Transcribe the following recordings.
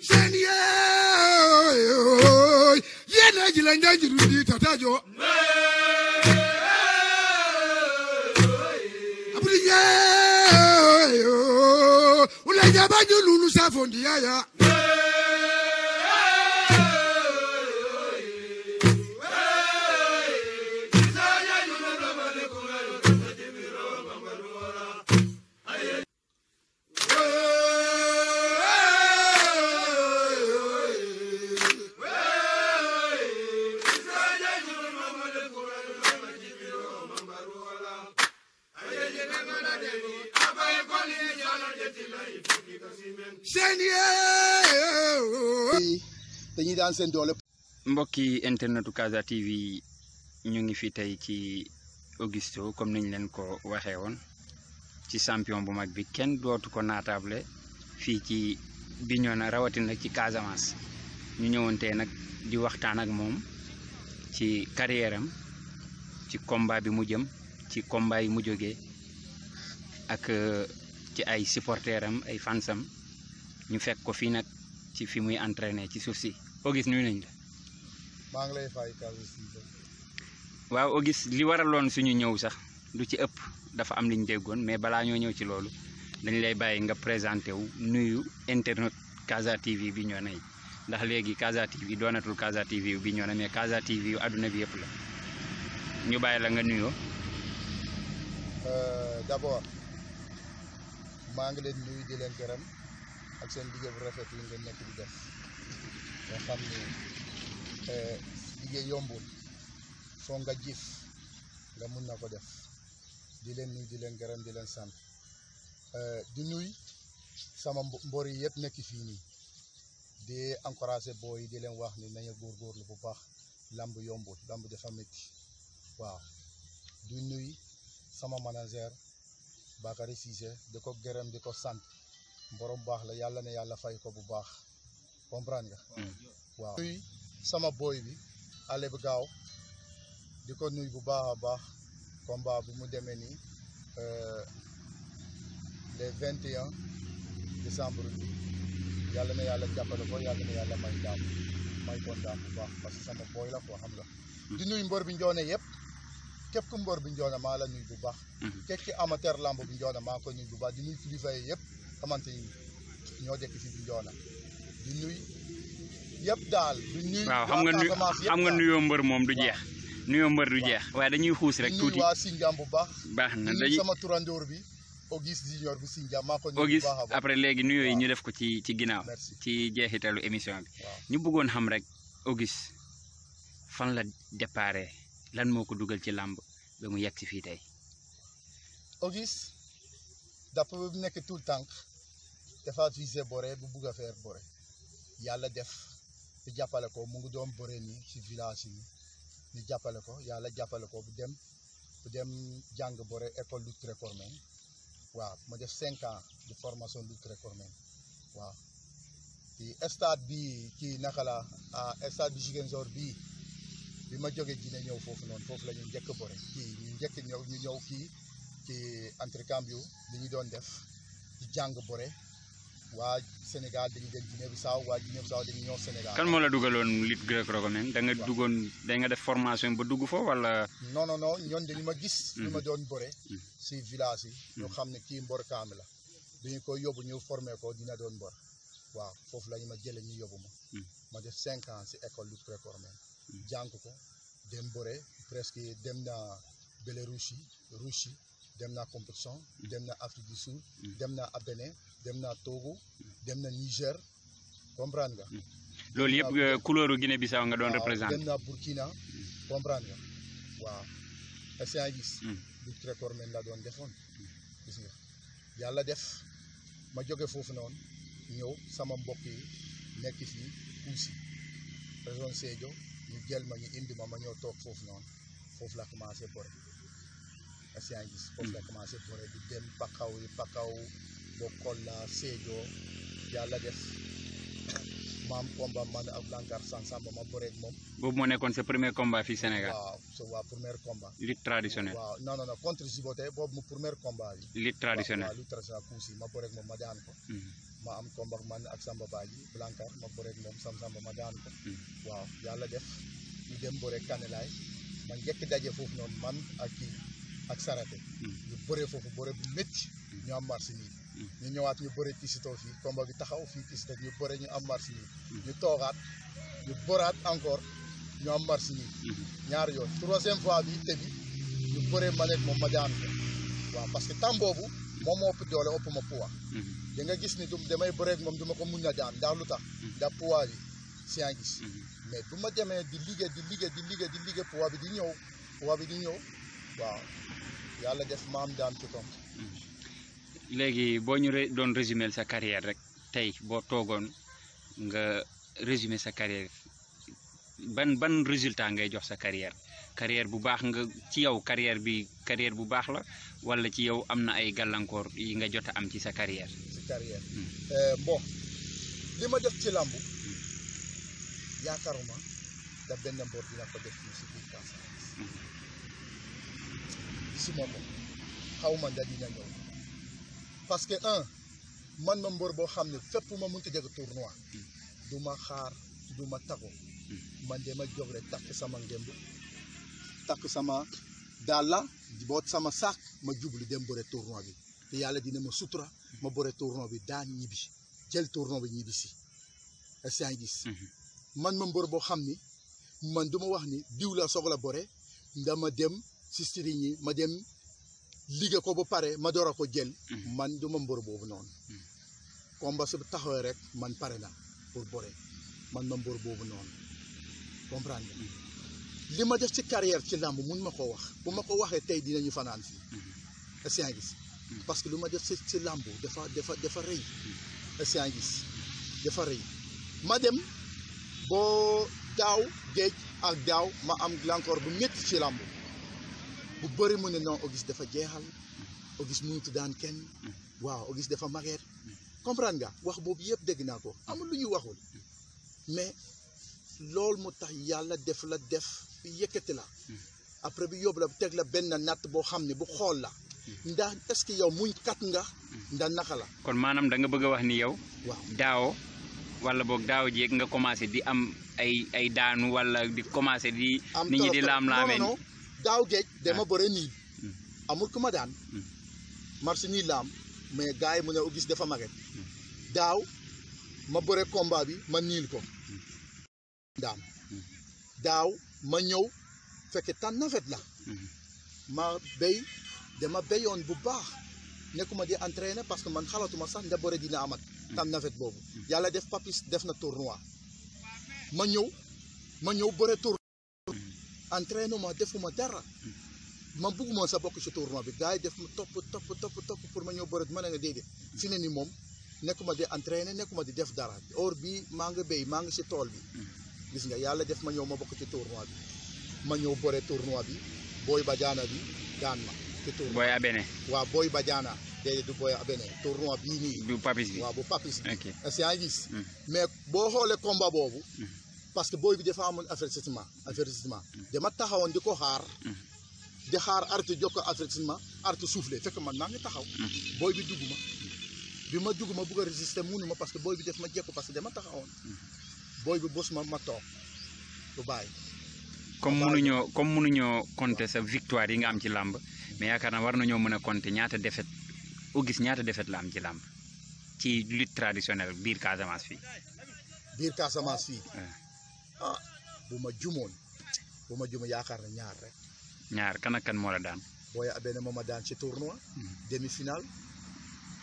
sɛneɛ yɛ na agyina nya gyiri di tatadwo abere yɛ wulɛ yɛ bɛ nye lulu sɛ di sen dole mbokki internetu kaza TV ñu ngi fi tay ci Augusto comme niñ leen ko waxé won ci champion bu mag bi ken dootu ko natable fi ci rawati rawatina ci Casamance ñu ñëwoon tey nag di waxtaan ak mom ci carrièream ci combat bi mu jëm ci combat yi mu joggé ak euh, ci ay supporteram ay fansam ñu fekk ko fi nak ci fi muy entraîner ci souci Auguste nuyu nañ la. maa ngi lay li waraloon suñu ñëw sax lu ci ëpp dafa am liñ déggoon mais balaa ñoo ñëw ci loolu dañ lay bàyyi nga présenté wu nuyu internet Casa TV bi ñoo nay ndax léegi Casa TV doonatul Casa TV bi ñoo na mais Casa TV yu àdduna bi yëpp la ñu bàyyi la nga nuyoo. Euh, d'abord maa ngi nga xam ni liggéey eh, yombul soo nga gis nga mun na ko def di leen nuy di leen gërëm di leen sant eh, di nuy sama mbor yi yëpp nekk fii nii di encouragé booy di leen wax ni nañu lu bu baax làmb yombul lamb dafa métti waaw di nuy sama manager Bakary Cissé di ko gërëm di ko sant borom baax la yàlla na yàlla fay ko bu baax comprendre nga. Mm. waaw nuy sama boy bi ale bu gaaw di ko nuy bu baax a baax combat bu mu demee nii euh, les vingt et un décembre yàlla na yàlla jàppale ko yàlla na yàlla may daam may bon daam bu baax parce que sama boy la koo xam nga. Mm. di nuy mbor bi njoone yëpp. képp ku mbor bi njoona maa la nuy bu baax mm-hmm. képp ki amateur lamb bi njoona maa ko nuy bu baax di nuy kilifa yi yëpp xamante ni ñoo dekk fi bi njoona du nuy yëpp daal du nuy waaw xam nga nuy xam nga nuyoo mbër moom du jeex nuyoo mbër du jeex waaye dañuy xuus rek tuuti waa Sinjam bu baax baax na dañuy sama turandoor bi Auguste Junior bu Sinjam maa ko nuyu baax a après léegi nuyoo yi ñu def ko ci ci ginnaaw ci jeexitalu émission bi ñu bëggoon xam rek Auguste fan la déparé lan moo ko dugal ci làmb ba mu yegg si fii tey Auguste dafa nekk tout temps dafa visé bore bu bugg a faire bore yàlla def ñu jàppale ko mu ngi doon bëre nii si village yi ñu jàppale ko yàlla jàppale ko bu dem bu dem jàng bëre école lutte gréco-romaine waaw ma def cinq ans de formation lutte gréco-romaine waaw ki stade bi kii naka a stade bi Ziguinchor bii bi ma jógee Guinée ñëw foofu noonu foofu la ñu njëkk bëre kii ñu njëkk ñëw ñu ñëw kii ci entrecamp yu li ñu doon def di jàng waa Sénégal dañuy dem Guinée Bissau waa Guinée Bissau dañuy ñëw Sénégal. kan moo la dugaloon lutte gréco-romaine da nga duggoon da nga def formation ba dugg fa wala. non non non ñoon dañu ma gis. li mhm. ma doon bëre. Mhm. si village yi. Mhm. ñu xam ne kii mbor kaam la. dañu koy yóbbu ñu formé ko dina doon mbor. waaw foofu la ñu ma jëlee ñu yóbbu ma. ma def cinq ans si école lutte gréco-romaine. jàng ko dem bëre presque dem na Bélarus Russie demna naa compétition mm. dem Afrique du Sud demna mm. naa Benin dem Togo demna Niger comprendre nga mm. loolu yëpp euh, couleur Guinée Bissau nga don représenté demna Burkina comprendre nga waaw essa gis lutte record men la don defoon gis nga yàlla def ma jóge fofu non ñew sama mbokk yi nekk fii Kousi région Sédhiou ñu jël ma ñu indi ma ma ñëw tok fofu non fofu la commencé bore a que yaa ngi gis foofu la commencé forêt bi dem Bakaw yi Bakaw ba yàlla def ma nekkoon sa premier combat fii Sénégal. ko. Hmm. ma am combat man ak Samba Badji Lankar ma bëreeg moom Sam Samba ma daan ko. Hmm. waaw yàlla def ñu dem bëreeg Kanelaay man njëkk daje foofu noonu man ak kii. ak sarate hmm. ñu bëree foofu bëre bu métti hmm. ñu am marché nii hmm. ñu ñëwaat ñu bëree Kizito fii combat bi taxaw fii Kizito ñu bëree ñu am marché nii ñu toogaat ñu bëraat encore ñu am marché nii ñaar yoon troisième fois bi tëbi ñu bëree malet moom ma daan ko waaw parce que temps boobu moom moo ëpp doole ëpp ma poids da nga gis ni du damay bëreeg moom du ma ko mun a daan ndax lu tax ndax poids bi sien gis mais bu ma demee di liggéey di liggéey di liggéey di liggéey poids bi di ñëw poids bi di ñëw waaw yàlla def maam daan ci toog. léegi boo ñu doon résumer sa carrière rek tey boo toogoon nga résumer sa carrière ban ban résultat ngay jox sa carrière carrière bu baax nga ci yow carrière bi carrière bu baax la wala ci yow am na ay gàllankoor yi nga jot am ci sa carrière. Hmm. Euh, li ma def ci làmb yaakaaruma da benn mboor dina ko def ci biir simamo xawma nga dina ñëw parce que un man ma mbor boo xam ne fépp ma munti jeg tournoi du xaar du ma man de ma rek sama ngemb takk sama dàlla sama sak ma jublu dem bëre tournoi bi te yàlla dina ma sutura ma bëre tournoi bi daan ñibbi jël tournoi bi ñibbi si est ce gis mhm. man ma mbor ni man du wax ni diw la soxla dama dem si sëriñ yi ma dem liggée ko ba pare ma door ko jël. Mhm. man du ma boobu noonu. Mhm. combat taxawee rek man pare na pour bëre man ma mbër boobu noonu comprendre mhm. li ma def ci carrière ci làmb mun ma ko wax bu ma ko waxee tey dinañu fanaan fii. est-ce parce que lu ma def si ci làmb dafa dafa dafa rëy. est ma dem boo daaw géej ak daaw ma am gàllankoor bu métti ci làmb. bu bëri mu ne non Auguste dafa jeexal mm-hmm. Auguste mënut daan kenn mm-hmm. waaw Auguste dafa mageer mm-hmm. comprendre nga wax boobu yëpp dëgg naa ko amul lu ñuy waxul mais loolu moo tax yàlla def la def yëkkati la après bi yóbbu la teg la benn natt boo xam ne bu xool la ndax est-ce que yow muñ kat nga ndax naka la kon maanaam da nga bëgg a wax ni yow waaw daaw wala boog daaw jéeg nga commencé di am ay ay daanu wala di commencé di nit ñi di laam-laamee daaw géej ah. dama bëre nii hmm. amul ku ma daan hmm. marché nii laam mais gars yi mu ne gis dafa maget hmm. daaw ma bëre combat bi ma niil ko daan daaw ma ñëw fekke tan nawet la ma béy dama béyoon bu baax nekkuma di entraîner parce que man xalaatuma sax nda bëre dina amat tan nawet boobu yàlla def papis def na tournoi ma ñëw ma ñëw bëre tournoi entraîné ma defuma dara man bugguma sa bokk ci tournoi bi gars yi def ma topp topp topp topp pour ma ñëw bëreet ma ne nga déedéet fi ne ni moom nekkuma di entraîné nekkuma di def dara or bii maa nga béy maa ngi si tool bi gis nga yàlla def ma ñëw ma bokk ci tournoi bi ma ñëw bëre tournoi bi booy bajaana bi daan ma ci tournoi booy abene waaw booy bajaana déedéet du booy abene tournoi bii nii bu papis bi waaw bu papis bi est-ce que yaa ngi gis mm. mais boo xoolee combat boobu mm. parce que boy bi defa amone avertissement avertissement dama taxawoon di xaar di xaar artu joko avertissement artu souffler fek man nangi taxaw boy bi duguma ma bi ma dugg ma bugg a résister munu ma parce que boy bi def ma jekku parce que dama taxawoon boy bi bos ma ma toog bu bàyyi comme mënuñoo comme mënuñoo compter sa victoire yi nga am ci lamb mais yakarna war nañu mën compter ñaata défaite gis ñaata défaite la am ci lamb ci lutte traditionnelle bir Casamance fi bir Casamance fi ah bu buma jumoon bu ma jumoon yaakaar eh. na ñaar rek. ñaar kan ak kan moo la daan. booy benn moo ma daan ci tournoi. Eh. Hmm. demi final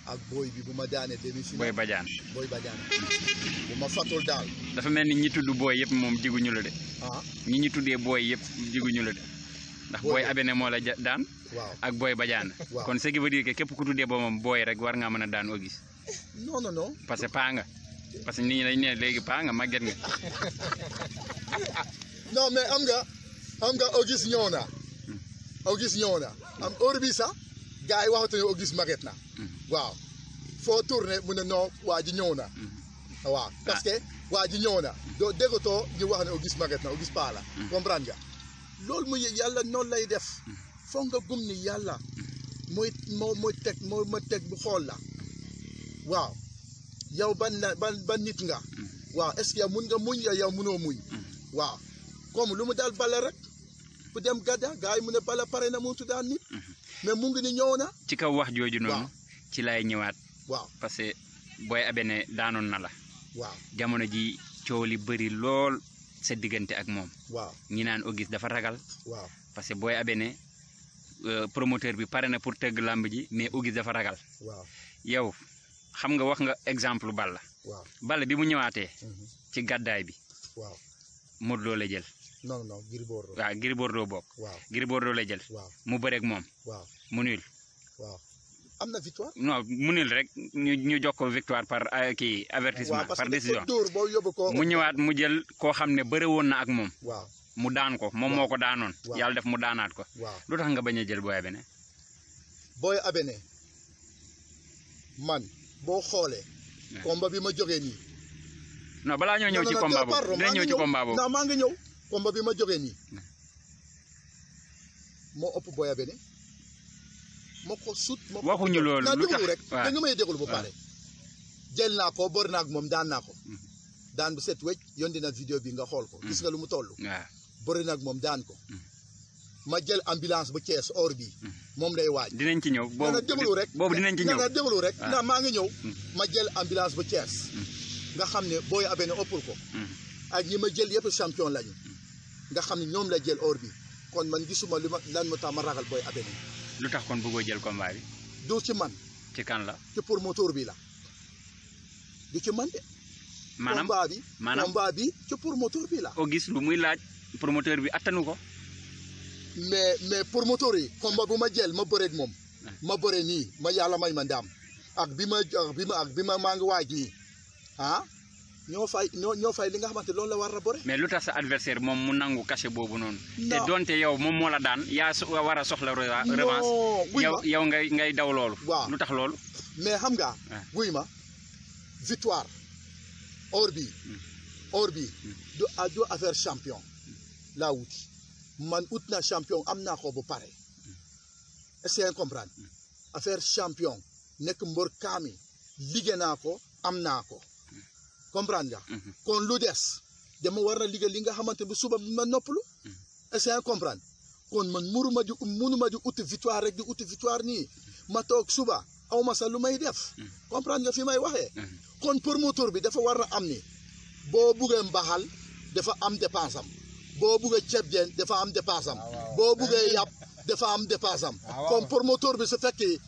ak boy bi bu ma e demi final. booy bajan, booy bajan, bu ma dan. daal. dafa mel ni ñi tudd booy yëpp moom jiguñu la de. ah ñi ñi tuddee booy yëpp jiguñu la de. ndax booy abene moo la daan. waaw ak booy bajaan. waaw kon ce qui veut dire que képp ku tuddee ba moom booy rek war non non non parce que nga. parce que nit ñi dañ ne léegi paa nga màgget nga. non mais nga am nga Auguste ñëw na hmm. Auguste ñëw na am heure bi sax gars yi waxatuñu gis màgget na hmm. waaw foo tourné mu ne non waa ji ñëw na hmm. waaw ah. parce que waa ji ñëw na doo déggatoo ñu wax ne Auguste màgget na Auguste paa la comprendre nga loolu muy yàlla noonu lay def foog nga gum ni yàlla mooy mooy teg moo teg bu xool la waaw yow ban na ba ban nit nga mm. waaw est-ce que yow mun nga muñ yow munoo muñ mm. waaw comme lu mu daal bala rek bu dem gadda gars yi mu ne bala pare na mu tuddaan nit mm-hmm. mais mu ngi ni ñëw na ci kaw wax jooju noonu ci laay ñëwaat waaw parce que booy abene daanoon na la waaw jamono ji coow li bëri lool sa diggante ak moom waaw ñi naan Auguste dafa ragal waaw parce que booy abene euh, promoteur bi pare na pour tëgg làmb ji mais Auguste dafa ragal waaw xam nga wax nga exemple Balla. waaw Balla bi mu ñëwaatee. Mhm. ci gàddaay bi. waaw Modou Lo la jël. non non Gris Bordeaux. waaw Gris Bordeaux bokk. waaw Gris Bordeaux jël. mu bëreeg moom. waaw mu nul. waaw am mu nul rek ñu ñu jox ko victoire par euh, kii avertissement. par décision mu ñëwaat mu jël koo xam ne bëre woon na ak moom. waaw mu daan ko moom moo ko daanoon. yàlla def mu daanaat ko. waaw lu tax nga bañ a jël Boy Abene. Boy Abene man. boo xoolee. combat bi ma jógee nii. non balaa ñoo ñëw ci combat boobu dina ñëw ci combat boobu. ndax ñëw combat bi ma jógee nii. moo ëpp Boy Béné moo ko sut. moo ko waxuñu loolu lu tax rek da nga may déglu bu pare. jël naa ko bor naa moom daan naa ko. Mm-hmm. daan bu set wecc yondi na vidéo bi nga xool ko. gis nga lu mu toll. waaw bor naa moom daan ko. Mm-hmm. ma jël ambulance ba Thiès or bi hmm. moom lay waaj. dinañ ci ñëw boobu déglu rek boobu dinañ ci ñëw na déglu rek. Ah. na maa ngi ñëw. Hmm. ma jël ambulance bu Thiès. Hmm. nga xam ne booy abee opour ko. ak ñi ma jël yëpp champion lañu. nga xam ne ñoom la jël or bi kon man gisuma li ma lan moo tax ma ragal booy abee lu tax kon bëggoo jël combat bi. du ci man. ci kan la ci promoteur bi la. du ci man de. maanaam combat bi combat bi ci promoteur bi la. o gis lu muy laaj promoteur bi attanu ko. mais mais promoteur yi combat bu ma jël ma bëreeg moom ma bëre nii ma yàlla may ma ndam ak bi ma bi ma ak bi ma maa ngi waaj nii ah ñoo fay ñoo ñoo fay li nga xamante loolu la war la bëre. mais lu tax sa adversaire moom mu nangu cachet boobu noonu. te donte yow moom moo la daan yaa war a soxla revanche. yow yow ngay ngay daw loolu. waaw lu tax loolu. mais xam nga. guy ma victoire or bi mm. or bi mm. du affaire champion laa wuti. man ut na champion am naa ko ba pare est-ce que comprendre affaire champion nekk mbër kaami liggéey naa ko am naa ko comprendre nga mhm. kon lu des ma war a liggéey li nga xamante bi suba ma noppalu mhm. est-ce que kon man muruma ma munuma di uti victoire rek di uti victoire nii ma toog suba aw ma sa lu may def mhm. comprendre nga fi may waxee kon promoteur bi dafa war a am ni boo buggee mbaxal dafa am dépense am boo buggee ceeb jeen dafa am dépense am ah, boo buggee yàpp dafa am dépense am comme bi su fekkee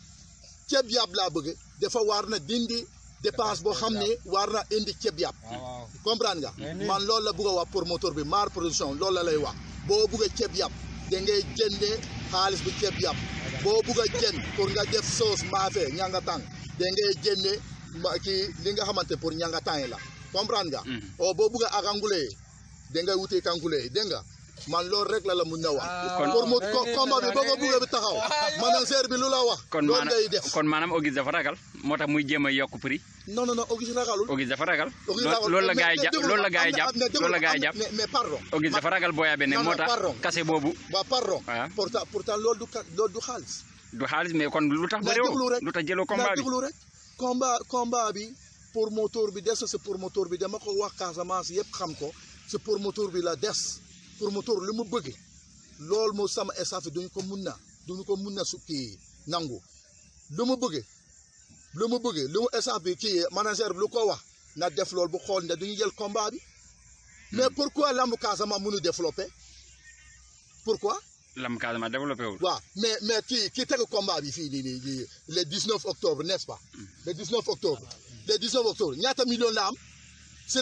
ceeb yab la bëgg defa war na dindi dépense boo xam ne war na indi ceeb yàpp ah, comprendre nga man loolu la bëgg a wax promoteur bi maar production loolu la lay wax boo buggee ceeb yàpp da ngay jënde xaalis bu ceeb yàpp boo bugg a jën pour nga def sauce maafe ñanga tàng da ngay jënde ki li nga xamante pour ñanga tàng la comprendre nga mm. o oh, boo bugg a agangulee da ngay wutee kankulee dégg nga man loolu rek la la mun na wax. Ah, kon pour mu combat bi boo ko buggee wax. loolu ngay def kon maanaam dafa ragal moo tax muy jéem a yokk prix. non non non Auguste dafa ragal. loolu la gaa yi jàpp loolu la gaa yi jàpp loolu la gaa yi jàpp. mais pardon. Auguste dafa ragal booyaa bi ne moo tax kase boobu. waaw pardon ah. pourtant pourtant loolu du loolu du xaalis. du xaalis mais kon lu tax. bëriwul lu tax jëloo komba bi rek. combat combat bi promoteur bi des sa promoteur bi dama ko wax Casamance yëpp xam ko Pour promoteur bi la des promoteur li mu bëgg lool mo sama staff duñ ko mun na ko mun na su kii nangu lu mu bëgg lu mu bëgg lu mu bi ki manager bi wax na def lool bu xol ne duñu jël combat bi mais pourquoi lamb ma mënu développé pourquoi. lamb Casamance développer wul. mais mais kii ki le combat bi fi ni le 19 octobre n'est-ce pas. Hmm. le 19 octobre. le 19 octobre ñaata million la am c'est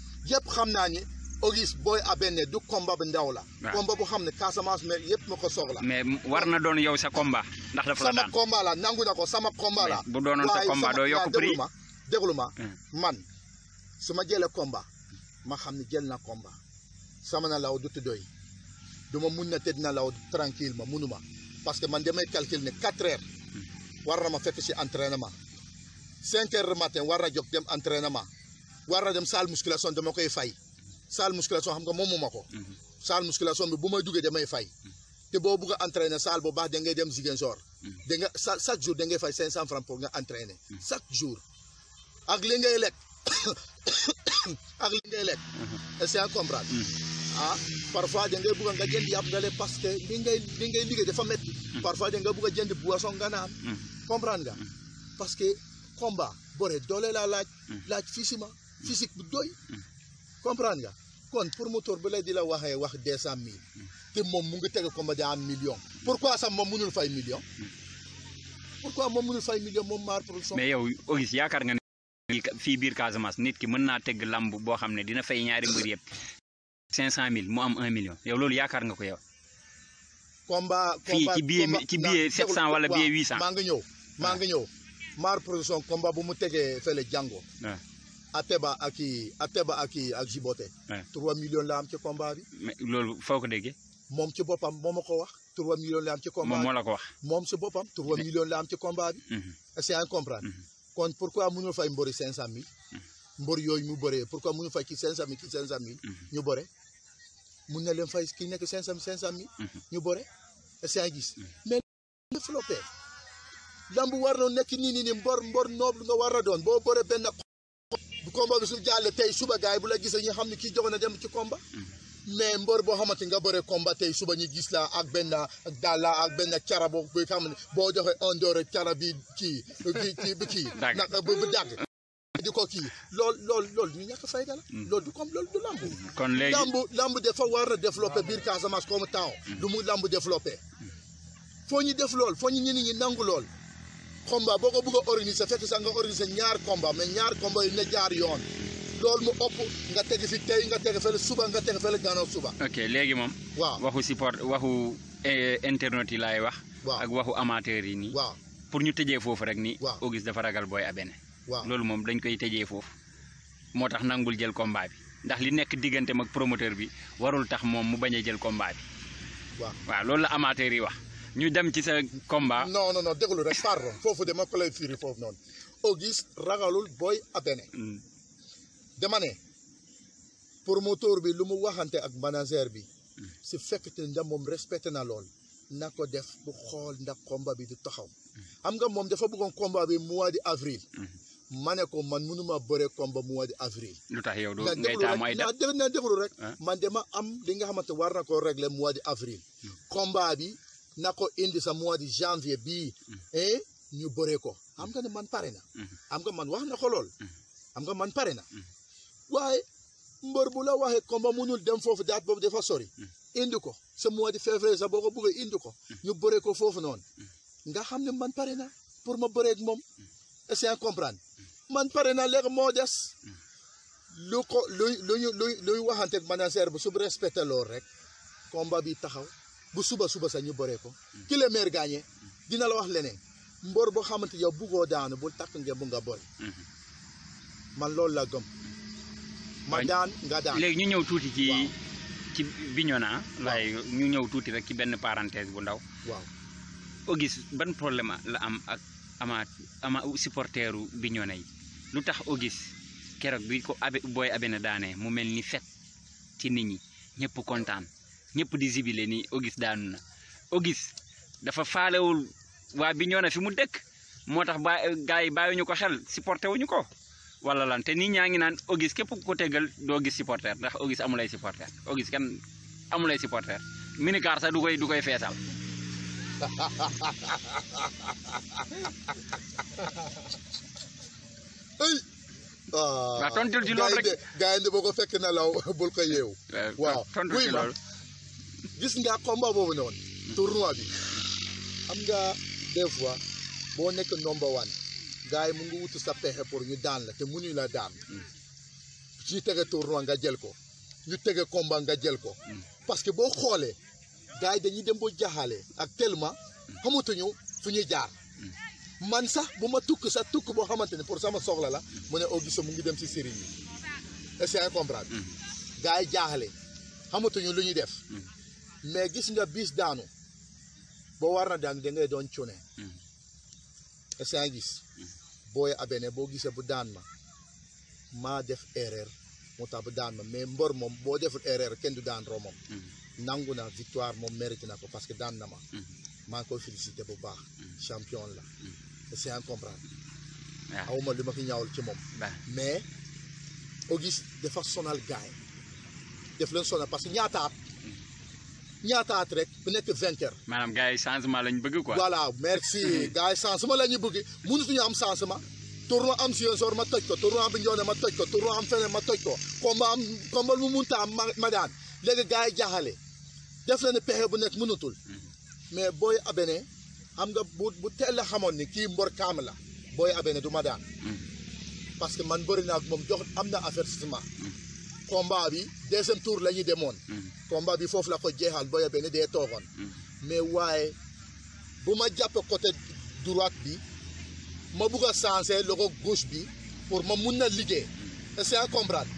yëpp xam naa ni Auguste Boy Abéné du combat bu ndaw la. waaw combat bu xam ne Casamance mais yëpp ma ko soxla. mais war na doon yow sa combat. ndax dafa sama combat la nangu na ko sama combat la. bu doonoon sa combat doo yokk prix ma hmm. man su ma jëlee combat ma xam ne jël na combat sama na law du tëddooy du ma mun na tëdd na law tranquille ma munu ma parce que man demee calcule ne quatre heures hmm. war na ma fekk si entraînement cinq heures du war na jóg dem entraînement. war na dem sal musculation dama koy fay sal musculation xam nga moom mako mhm. sal musculation bi buma ma jugee fay mhm. te bo bëgg entraîner sal bo baax da ngay dem Ziguinchor mhm. da nga chaque jour da ngay fay 500 francs pour nga entraîner chaque jour ak li ngay lek ak li ngay lek c'est à comprendre ah parfois da ngay bëgg nga jënd yapp dalé parce que li ngay li ngay liggé dafa métti parfois da nga bëgg jënd boisson nga naan comprendre nga parce que combat boré dolé la laaj laaj fisima physique bu doy comprendre nga kon promoteur bu lay di la waxee wax deux cent mille te moom mu ngi teg combat di am million pourquoi sax moom mënul fay million pourquoi moom mënul fay million moom maar production mais yow Auguste yaakaar nga ne fi biir Casamance nit ki mën naa teg lamb boo xam ne dina fay ñaari mbir yëpp cinq cent mille mu am un million yow loolu yaakaar nga ko yow komba fii ci billet ci billet sept cent wala billet huit cent maa ngi ñëw maa nga ñëw ah. maar production combat bu mu tegee fële jàngo ah. Ateba ak kii Ateba ak kii ak Jibote. 3 millions la am ci combat bi. mais lolu foo ko mom ci bopam momako wax. 3 millions la am ci combat mom moom ko wax. mom ci bopam 3 millions la am ci combat bi. Mhm. est-ce que comprendre. Mhm. kon pourquoi mënul fay mbëri 500000. mbor yoy mu boré pourquoi mënul fay ci 500000 ci 500000. ñu boré mun na leen fay ki nekk 500 500000. Mhm. ñu boré est-ce que gis. mais développé lamb war na nekk ni ni nii mbor mbor noble nga wara don bo boré ben combat bi su jàllee tey suba gars yi bu la gisee ñu xam ne kii jogoon dem ci combat. mais mbor boo xamante nga bore combat tey suba ñu gis la ak benn dalla ak benn cara boo buy ne boo joxe un dore cara bi kii bi kii bi kii. nag bu dàgg. di ko kii lool lool loolu ñu ñàkk fayda mm. lool du comme loolu du lamb kon léegi lamb lamb dafa war na développé biir Casamance comme temps mm. du mu lamb développé mm. foo ñu def lool foo ñu ñi ñi nangu lool combat boo ko bëgg a organiser fekk sax nga organiser ñaar combat mais ñaar combat yi ne jaar yoon loolu mu ëpp nga teg fi tey nga teg fële suba nga teg fële gannaaw suba. ok léegi moom. waaw waxu support waxu eh, internet yi laay wax. waaw ak waxu amateur yi nii. waaw pour ñu tëjee foofu rek nii. waaw Auguste dafa ragal Boy Abene. waaw loolu moom dañ koy tëjee foofu moo tax nangul jël combat bi ndax li nekk diggante ak promoteur bi warul tax moom mu bañ a jël combat bi. waaw waaw loolu la amateur yi wax. ñu dem ci sa combat. non non non déglu rek pardon foofu dema ma ko lay firi foofu noonu Auguste ragalul booy abene. Mm. dama ne promoteur bi lu mu waxante ak manager bi. si fekk te ndax moom respecté na lool. na ko def bu xool ndax combat bi di taxaw. am nga moom dafa buggoon combat bi mois de avril. Mm. ma ne ko man mënuma bëre combat mois de avril. lu tax yow doo ngay taamu ay def na déglu rek. Ah. man dama am li nga xamante war na koo régler mois de avril. Mm. combat bi na ko indi sa mois de janvier bii mm-hmm. eh ñu bëree ko xam nga ne man pare na mm-hmm. am nga man wax na ko lool xam mm-hmm. nga man pare na waaye mbër bu la waxee combat munul dem foofu date boobu dafa sori indi ko sa mois de février sa boo ko bëggee indi ko ñu bëree ko foofu noonu nga xam ne man pare na pour ma bëree ak moom est-ce comprendre man pare na léegi moo des lu ko luy luñu luy luy waxante ak manager bi su respecté loolu rek combat bii taxaw bu suba suba sax ñu bore ko ki le maire gaañee dina la wax leneen mbor boo xamante yow buggoo daanu bul takk ngeen bu nga boy mhm. man loolu la gëm ma daan nga daan léegi ñu ñëw tuuti ci ci Bignona ñu ñëw tuuti rek ci benn parenthèse bu ndaw waaw Auguste ban problème la am ak amaat ama supporteru Bignona yi lu tax gis keroog bi ko abe booy abe na daanee mu mel ni fet ci nit ñi ñëpp kontaan ñëpp di sibile ni Auguste daanu na Auguste dafa faalewul waa bi ñoo na fi mu dëkk moo ba gars yi bàyyiwuñu ko xel supporté wuñu ko wala lan te nit ñaa naan Auguste képp ko tegal doo gis supporter ndax Auguste amulay supporter Auguste kan amulay supporter minicar sax du koy du koy feesal waaw tontul ci ah, loolu rek gars yi boo ko fekk na law bul ko yeew waaw tontul ci loolu gis nga combat boobu noonu. tournoi bi xam nga des boo nekk number one gars yi mu ngi wutu sa pexe pour ñu daan la te mënuñu la daan. Mm. ci tege tournoi nga jël ko ñu tege combat nga jël ko. Mm. parce que boo xoolee gars yi dañuy dem ba jaxaale ak tellement xamatuñu fu ñuy jaar. Mm. man sax bu ma tukk sax tukk boo xamante ne pour sama soxla la mu ne Augusto mu ngi dem si série yi est-ce que bi gars yi jaaxle xamatuñu lu ñuy def. mais gis nga bis daanu boo war na daan da ngay doon cune mm. est-ce que gis mm. booy abene boo gisee bu daan ma maa def erreur moo tax bu daan ma mais mbor moom boo deful erreur kenn du daan romam mm. nangu na victoire moom mérite na ko parce que daan na ma maa ngi koy bu baax champion la c'est un comprendre awma lu ma fi ñaawul ci moom mais Auguste dafa sonal gaay def leen sonal parce que ñaataat ñaata at rek bu nekk vingt heures. maanaam gars yi changement lañ bëgg quoi. voilà merci gars yi changement la ñu bëgg mënutuñu am changement. tournoi am Ziguinchor ma toj ko tournoi am Bignona ma toj ko tournoi am feneen ma toj ko combat am combat mu munta am ma daan léegi gars yi jaaxale def na bu nekk mënatul mhm. mais booy abene xam nga bu bu teel a xamoon ni kii mbor kaam la booy abene du ma daan mhm. parce que man bëri naa moom jox am na avertissement combat bi deuxième tour la ñu demoon. Mm-hmm. combat bi foofu la ko jeexal booy benn dee toogoon. Mm-hmm. mais waaye buma ma jàpp côté droite bi ma bugg a logo gauche bi pour ma mun liggé c'est mm-hmm. est-ce comprendre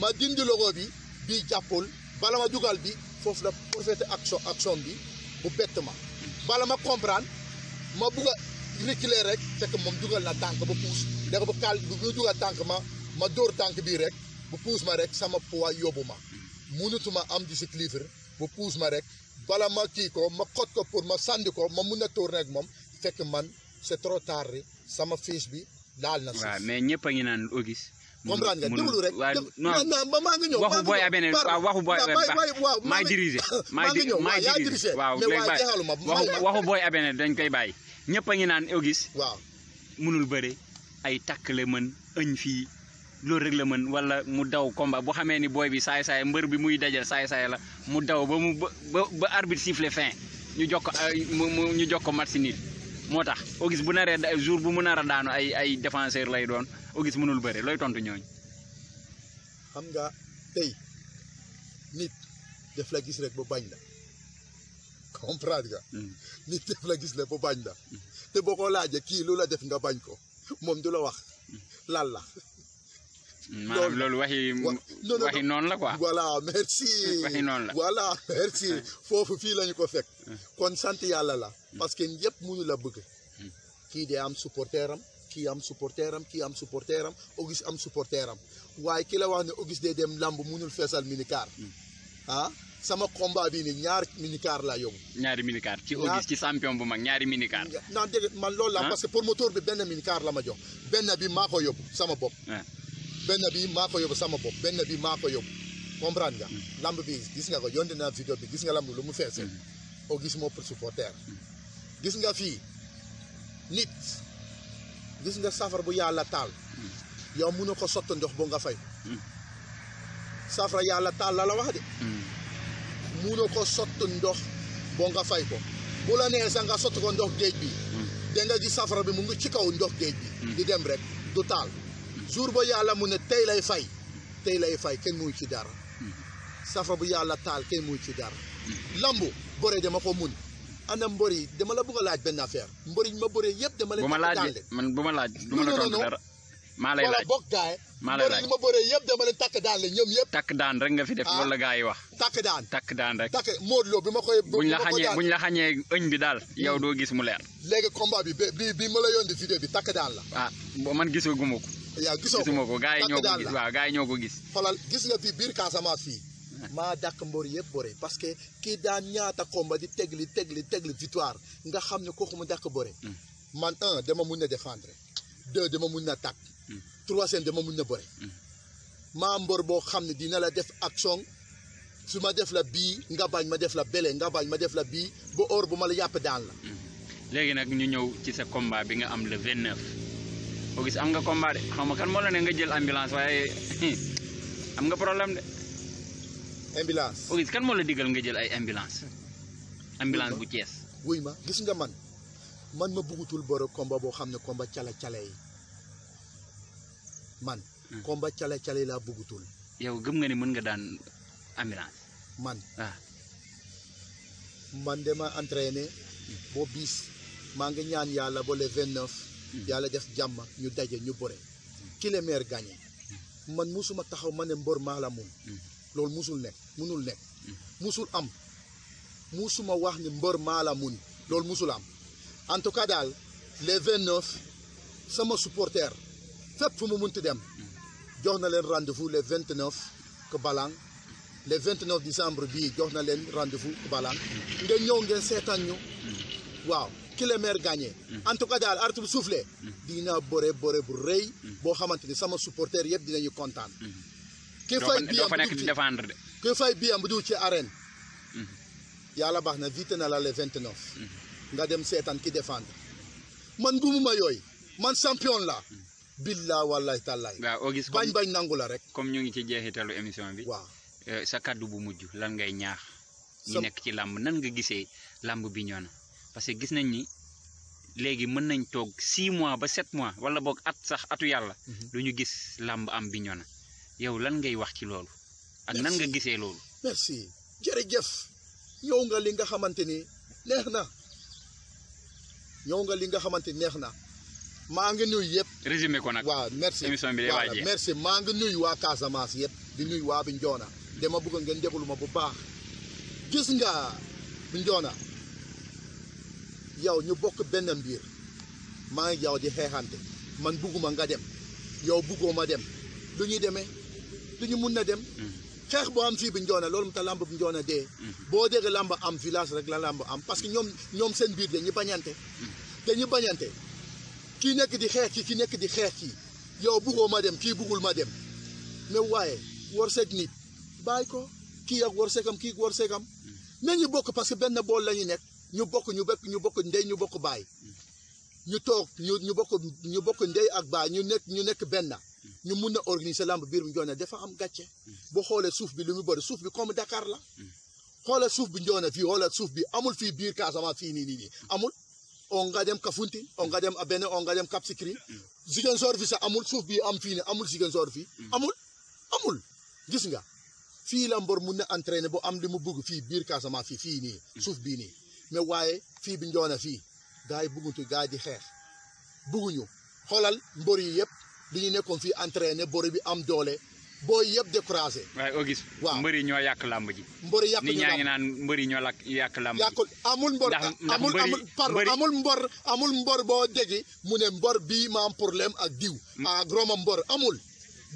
ma dindi logo bi bii jàppul bala ma dugal bi foofu la profité action action bi bu bêtement balama ma comprendre ma bugg reculer rek que mom dugal la tank ba pousse léegi bu kaal bu dugal tank ma ma dóor tànk bi rek. bu puus ma rek sama poids yóbbu ma munutuma am déséquilibre bu puus ma rek bala ma kii ko ma xot ko pour ma sànni ko ma mun a tourner ak moom fekk man c'est trop sama fiche bi daal na. waaw mais ñëpp a ngi naan Auguste. moom daan nga déglu rek waaw non maa ngi ñëw waxu booy abene waaw maa dirigé maa ngi ñëw waaw yaa dirigé waaw léegi dañ koy bàyyi ñëpp a ngi naan Auguste waaw munul bëre ay takk la mën ëñ fii loolu rek la mën wala mu daw combat bu xamee ni booy bi saay saay mbër bi muy dajal saay saay la mu daw ba mu ba ba arbitre siffle fin ñu jox ko ñu jox ko match nit moo tax Auguste bu naree jour bu mu nar a daanu ay ay défenseur lay doon Auguste mënul bëre looy tontu ñooñu. xam nga tey nit def la gis rek ba bañ la comprendre nga. Hmm. nit def la gis rek ba bañ la. Hmm. te boo ko laajee kii lu la def nga bañ ko moom du la wax hmm. lan la. maanaam loolu waxi. waxi noonu la quoi. voilà merci. waxi noonu la voilà merci foofu fii lañu ko fekk. Ah. kon sant yàlla la. parce que ñëpp la bëgg. Hmm. kii de am supporter am kii am supporter am kii am supporter am am supporter waaye ki la wax ne Auguste day dem làmb mënul feesal minicar. Hmm. Ah, sama combat bi ni ñaar minicar laa yóbbu. ñaari minicar ci Auguste ci champion bu mag ñaari minicar. non déedéet man loolu la ah. parce promoteur bi benn minicar la ma jox benn bi maa ko yóbbu sama bopp. benda bi mako yob yóbbu sama bopp benn bi mako yob comprendre nga mm. lamb bi gis nga ko yónni video bi gis nga lamb lu mu feesee mm. o gis mo pour supporter mm. gis nga fi nit gis nga safar bu yalla tal yow mënu ko sotto ndox bo nga fay safra yalla tal la la wax de ko sotto ndox bo nga fay ko bu la ne sa nga sotto ko ndox geej bi de nga gis safra bi mu ngi ci kaw ndox geej bi di dem rek du tal jour ba yàlla mu ne tey lay fay tey lay fay kenn muy ci dara hmm. safa bu yàlla taal kenn muy ci dara hmm. lambu bëre dama ko mun ana mbër yi dama la bëgg laaj benn affaire mbër yi ma bëree yëpp dama leen laaj man bu ma laaj du ma la tontu dara maa lay laaj bokk gaay maa lay laaj ma bëree yëpp dama leen takk daan la ñoom yëpp takk daan rek nga fi def ah. loolu la gars yi wax takk daan takk daan rek takk Modou bi ma koy buñ la xañee buñ la xañee ëñ bi daal hmm. yow doo gis mu leer léegi combat bi bi bi ma la bi takk daan la ah man gisoo ko yaa gisoo gisuma ko gaa yi ñoo ko gis waaw gaa yi ñoo ko gis xoolal gis nga fi biir Casamance fii maa dàq mbor yëpp bëre parce que kii daan ñaata combat di tegli tegli tegli victoire nga xam ne kooku mu dàq bëre hmm. man un dama mun na défendre deux dama mun na tàkk hmm. troisième dama mun na bëre hmm. maa mbor boo xam ne dina la def action su ma def la bii nga bañ ma def la bele nga bañ ma def la bii ba heure bu ma la yàpp daan la léegi nag ñu ñëw ci sa combat bi nga am le o am nga combat de xaw ma kan mo la ne nga jël ambulance waye am nga problème de. ambulance o kan mo la digal nga jël ay ambulance ambulance bu ties wuy ma gis nga man man ma bugutul boro combat bo xamne combat chala chala yi man. Hmm. combat chala chala la bugutul yow gëm nga ni mën nga daan ambulance. man ah. man dama entraîner hmm. bo bis ma nga ñaan yalla bo le 29 yàlla def jàmm ñu daje ñu bëre ki le maire gagné man musuma taxaw ma ne mbër maa la mun loolu musul nekk munul nekk musul am musuma wax ni mbër maa la mun loolu musul am en tout cas daal les vingt neuf sama supporter fépp fu mu munti dem jox na leen rendez-vous les vingt neuf que balang le 29 décembre bii jox na leen rendez-vous balang nga ñëw ngeen seetaan ñu waaw ki le maire gagné en tout cas daal artu bu suuf lee dinaa bore bore bu rëy boo xamante sama supporter yeb dinañu kontaan mm-hmm. ki fay bi am bu défendre de ki fay bi am bu ci arène mm-hmm. yàlla baax vite na la le 29 mm-hmm. nga dem seetaan ki défendre man gumuma yooyu man champion la billaa wallahi tallaay bañ bañ nangu la rek comme ñu ngi ci jeexitalu émission bi waaw euh, sa kàddu bu mujj lan ngay ñaax ñi nekk ci làmb nan nga gisee làmb bi ñoo parce que gis nañ ni légui mën nañ tok 6 mois ba 7 mois wala bok at sax atu yalla du mhm. gis lamb am bi ñona yow lan ngay wax ci lool ak nan nga gisé lool merci jere jërëjëf yow nga li nga xamanteni neexna yow nga li nga xamanteni neexna ma nga ngi nuyu yëpp résumé ko nak wa merci émission bi lay wajé merci ma nga nuyu wa Casamance yépp di nuyu waa Bignona dama bëgg ngeen déglu bu baax gis nga Bignona yow ñu bokk benn mbir maa ngi yow di xeexante man bugguma nga dem yow buggoo a dem lu ñuy demee lu ñu mun na dem mm-hmm. xeex boo am fii bi njoona loolu mu tax làmb bi a dee mm-hmm. boo déggee làmb am village rek la làmb am parce que ñoom ñoom seen biir dañu bañante mm-hmm. dañu bañante kii nekk di xeex kii kii nekk di xeex kii yow buggoo a dem kii buggul ma dem mais waaye wërsëg nit bàyyi ko kii ak wërsëgam kii ak wërsëgam nañu bokk parce que benn bool la ñu nekk ñu bokk ñu bokk ñu bokk ndey ñu bokk baay ñu toog ñu ñu bokk ñu bokk ndey ak baay ñu nekk ñu nekk benn ñu mun na organiser lamb biir bu njoona dafa am gàcce boo xoolee suuf bi lu mu suuf bi comme Dakar la xoolee suuf bi njoona fii xoolee suuf bi amul fii biir Casamance fii nii nii amul on nga dem Kafountine on nga dem Abene on nga dem Cap Skirring Ziguinchor fi sax amul suuf bi am fii ne amul Ziguinchor fii amul amul gis nga fii la mbor mun na entraîner bu am li mu bëgg fii biir Casamance fii fii nii suuf bii nii mais waaye fii bi njoona fii gars yi bugguñu gars yi di xeex bugguñu xoolal mbër yi yëpp li ñu nekkoon fii entraîné bori bi am doole booy yëpp découragé. waaye Auguste. waaw mbër yi ñoo yàq làmb ji. mbër yàq ñu làmb nit ñaa ngi naan mbër yi ñoo lakk yàq làmb ji. yàqul amul mbor amul amul pardon amul mbor amul mbor boo dégg mu ne mbor bii ma am problème ak diw. ak ah, roma mbor amul.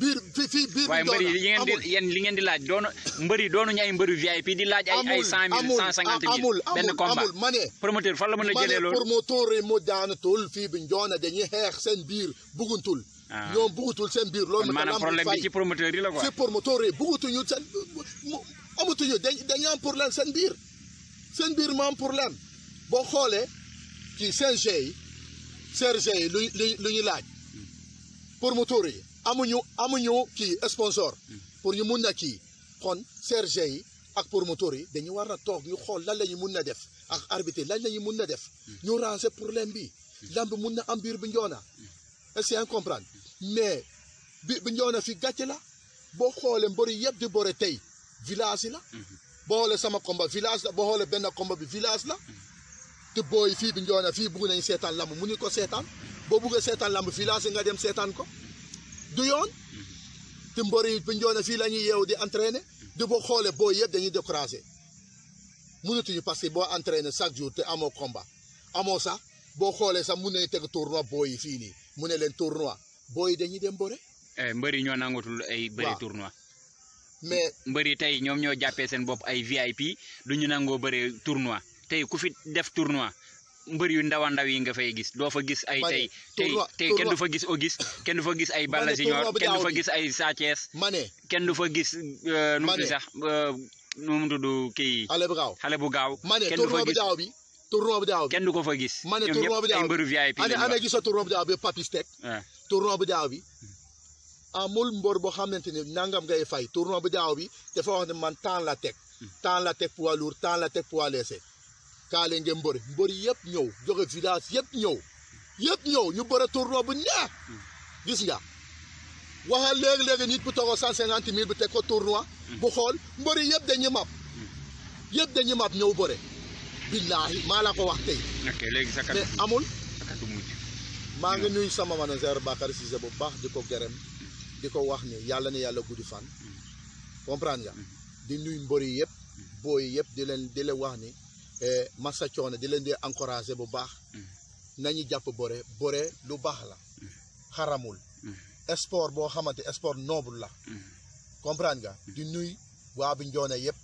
biir fi fii biir waaye mbër yi li ngeen di yéen li ngeen di laaj doonu mbër yi doonuñu ay mbëru di laaj ay ay cent mille cent cinquante mille benn combat ma ne promoteur fan la mën a jëlee loolu promoteur yi mu daanatul fii bi njoona dañuy xeex seen biir buguntul ah. ñoom bugutul seen biir loolu maanaam problème bi ci promoteur yi la quoi si promoteur yi bugutuñu seen amatuñu dañ dañu am problème seen biir seen biir ma am problème boo xoolee ci CNG yi CRG yi lu lu lu ñu laaj promoteur yi amuñu amuñu kii sponsor pour ñu mun na kii kon CRG yi ak promoteur yi dañu war a toog ñu xool lan la ñu mun na def ak arbitre lan la ñu mun na def ñu ranger problème bi lamb mun na ambiir biir bi njoona est-ce que comprendre mais bi bi njoona fi gàcce la boo xoolee mbëri yëpp di bëre tey village yi la boo xoolee sama combat village la boo xoolee benn combat bi village la te booy fii bi njoona fii bugg nañ seetaan lamb mu ni ko seetaan boo buggee seetaan lamb village nga dem seetaan ko du yoon te mbër yi bu ñu fii la ñuy yeewu di entraîné di boo xoolee boo yëpp dañuy découragé mënatuñu parce que boo entraîné chaque jour te amoo combat amoo sax boo xoolee sax mun nañu teg tournoi boo yi fii nii mu ne leen tournoi boo yi dañuy dem bëre. Eh, mbër yi ñoo nangatul ay. bëri tournoi. mais mbër yi tey ñoom ñoo jàppee seen bopp ay VIP du ñu nangoo bëree tournoi tey ku def tournoi. mbeur yu ndaw ndaw yi nga fay gis do fa gis ay tay tay tey kenn du fa gis gis ken du fa gis ay Balla Junior ken du fa gis ay Sa mané ken du fa gis nu mu sax nu mu tudd euh, ki xalé bu gaaw xale bu gaaw kenn du fa gis tourno bu daaw bi ken du ko fa gis. mané tourno bu daaw bi ay mbëru VIP. gis tourno bu daaw bi papi Tech. tourno bu daaw bi amul mbor bo xamanteni nangam ngay fay tourno bu daaw bi dafa wax ni man temps la tek hmm. temps la tek poids lourd temps la tek poids léger. kaale ngeen mbëri mbëri yëpp ñëw jóge village yëpp ñëw yëpp ñëw ñu bëre tournoi bu neex gis nga waxal léegi-léegi nit bu togo bu teg ko tournoi bu xool mbëri yëpp dañu map yëpp dañu map ñëw bëre billaahi maa la ko wax tey léegi amul maa ngi nuyu sama manager Bakary Cissé bu baax di ko gërëm di ko wax ni yàlla ne yàlla guddi fan mm. comprendre nga mm. di nuyu mbëri yëpp booy yëpp di leen di leen wax ni Eh, massa coono di leen di encouragé bu baax mm. nañu jàpp bëre bëre lu baax la mm. xaramul mm. sport boo xamante sport noble la comprendre nga di nuy waa bi njoone yëpp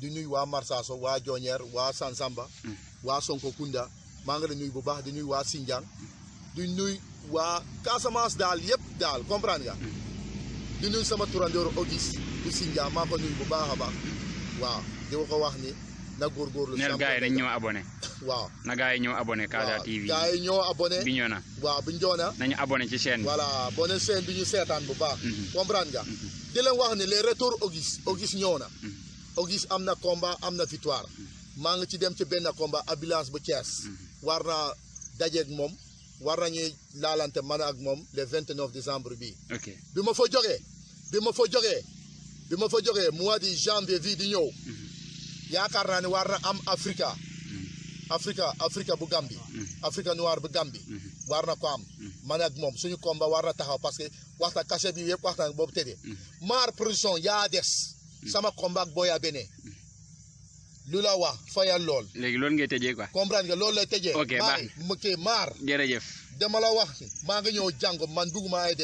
di nuy waa Marsaaso waa Jooñeer waa Sansamba waa Sonkokunda maa ngi la nuy bu baax di nuy waa Sinjaan di nuy waa Casamance daal yëpp daal comprendre nga di nuy sama turandooru Auguste bu Sinjaan maa ko nuy bu baax a baax waaw di ko wax ni na góorgóorlu. neel gars yi dañ ñëw abonné. waaw na gars ñëw abonné. Casa TV gars yi ñëw abonné. bi ñoo na waaw bi ñoo nañu abonné ci chaîne bi. voilà abonné chaîne bi ñu seetaan bu baax. Mhm. comprendre nga. Mhm. di leen wax ni les retours Auguste Auguste ñëw na. Mhm. Auguste amna combat amna victoire. maa ngi ci dem ci ben combat ambulance bu Thiès. Warna dajé dajeeg moom. war nañuy laalante man ak mom le 29 décembre bi OK. Bima fa joggé. Bima ma fa jógee bi ma fa jógee mois de janvier bii di ñëw. yaakaar naa ni war na am Afrika, hmm. Afrika Afrika bu gambi hmm. afrika noir bu gambi hmm. war na ko am. man ak moom suñu combat war na taxaw parce que waxtaan cachet bi yëpp waxtaan boobu tëddee. maar production yaa des. sama combat ak Boy Abene. lu la wax fayal lool. léegi loolu ngay tëjee quoi. comprendre nga loolu lay tëjee. ok baax ma kii maar. jërëjëf. dama la wax maa ngi ñëw jàng man dugguma ay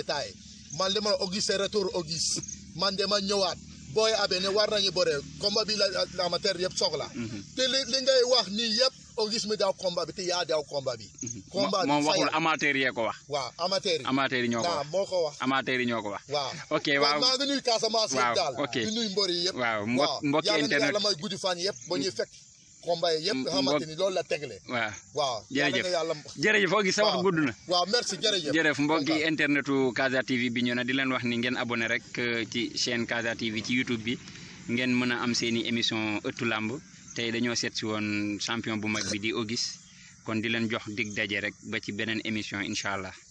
man li ma retour Auguste man dama ñëwaat. booy abee ne war nañu bëree combat bi la amateur yëpp soxla mhm. te li li ngay wax nii yëpp ogis mi daaw combat bi te yaa daaw combat bi mhm. combat bi moom waxul amateur yee ko wax waaw amateur yi amateur yi ñoo ko wa moo ko wax amateur yi ñoo ko wax waaw ok waaw maa ngi nuy Casamance yëpp daal di nuy mbër yi yëpp waaw mbokk internet may guddi fan yëpp ba ñuy mm. combat yi yëpp xamante ni loolu waaw waaw jërëjëf yàlla gi sa wax gudd na waaw merci jërëjëf jërëjëf mbokki internetu Casa TV bi ñu na di leen wax ni ngeen abonné rek euh, ci seen Casa TV ci YouTube bi ngeen mën a am seeni i émission ëttu làmb tey dañoo seet si woon champion bu mag bi di Auguste kon di leen jox dig daje rek ba ci beneen émission incha allah